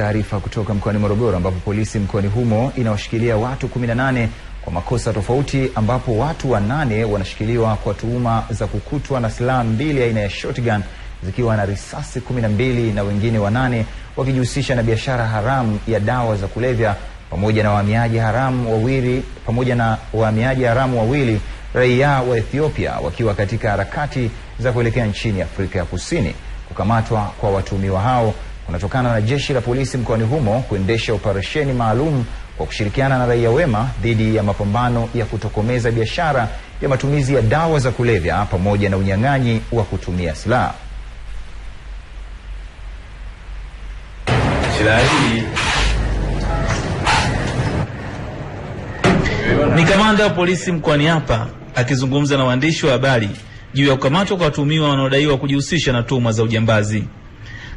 Taarifa kutoka mkoani Morogoro ambapo polisi mkoani humo inawashikilia watu 18 kwa makosa tofauti ambapo watu wanane wanashikiliwa kwa tuhuma za kukutwa na silaha mbili aina ya shotgun zikiwa na risasi 12 na wengine wanane wakijihusisha na biashara haramu ya dawa za kulevya pamoja na wahamiaji haramu wawili pamoja na wahamiaji haramu wawili raia wa Ethiopia wakiwa katika harakati za kuelekea nchini Afrika ya Kusini. Kukamatwa kwa watuhumiwa hao unatokana na jeshi la polisi mkoani humo kuendesha operesheni maalum kwa kushirikiana na raia wema dhidi ya mapambano ya kutokomeza biashara ya matumizi ya dawa za kulevya pamoja na unyang'anyi wa kutumia silaha. Ni kamanda wa polisi mkoani hapa akizungumza na waandishi wa habari juu ya kukamatwa kwa watuhumiwa wanaodaiwa kujihusisha na tuhuma za ujambazi.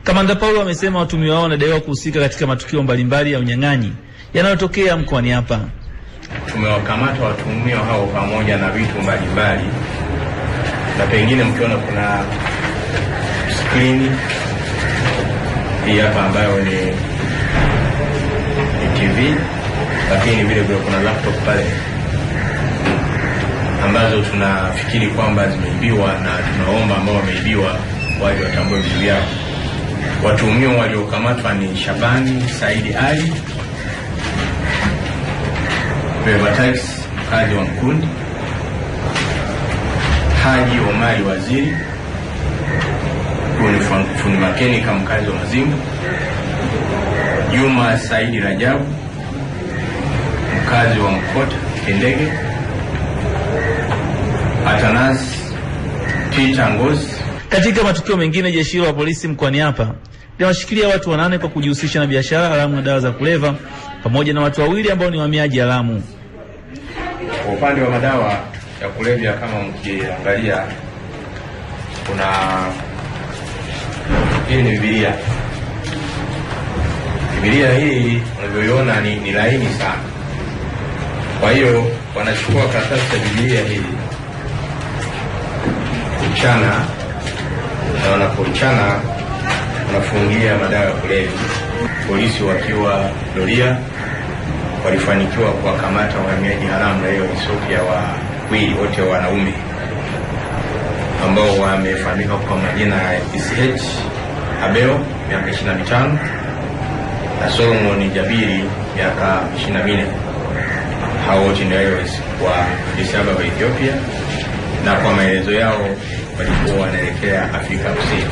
Kamanda Paulo amesema watuhumiwa hao wanadaiwa kuhusika katika matukio mbalimbali ya unyang'anyi yanayotokea mkoani hapa. Tumewakamata watuhumiwa hao pamoja na vitu mbalimbali, na pengine mkiona kuna skrini hii hapa ambayo ni TV, lakini vile vile kuna laptop pale ambazo tunafikiri kwamba zimeibiwa, na tunaomba ambao wameibiwa waje watambue vitu vyao. Watuhumiwa waliokamatwa ni Shabani Saidi Ali Bevatais, mkazi wa Mkundi, Haji Omari Waziri fundi mkazi wa Mazimbu, Juma Saidi Rajabu mkazi wa Mkota Kendege, Atanas Tita ngozi katika matukio mengine, jeshi la polisi mkoani hapa linawashikilia watu wanane kwa kujihusisha na biashara haramu ya dawa za kulevya pamoja na watu wawili ambao ni wahamiaji haramu. Kwa upande wa madawa ya kulevya, kama mkiangalia, kuna hii ni Biblia. Biblia hii unavyoiona ni, ni laini sana. Kwa hiyo wanachukua karatasi ya Biblia hii kuchana na wanapochana wanafungia madawa ya kulevi. Polisi wakiwa doria walifanikiwa kuwakamata wahamiaji haramu raia wa Ethiopia wawili, wote wanaume ambao wamefahamika kwa majina ya SH Abeo miaka 25 na Solomon Jabiri miaka 24. Hao wote ni raia wa Addis Ababa, Ethiopia, na kwa maelezo yao walikuwa wanaelekea Afrika Kusini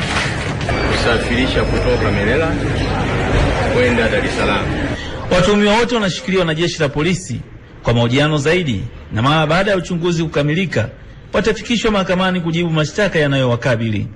kusafirisha kutoka melela kwenda Dar es Salaam. Watuhumiwa wote wanashikiliwa na jeshi la polisi kwa mahojiano zaidi, na mara baada ya uchunguzi kukamilika watafikishwa mahakamani kujibu mashtaka yanayowakabili.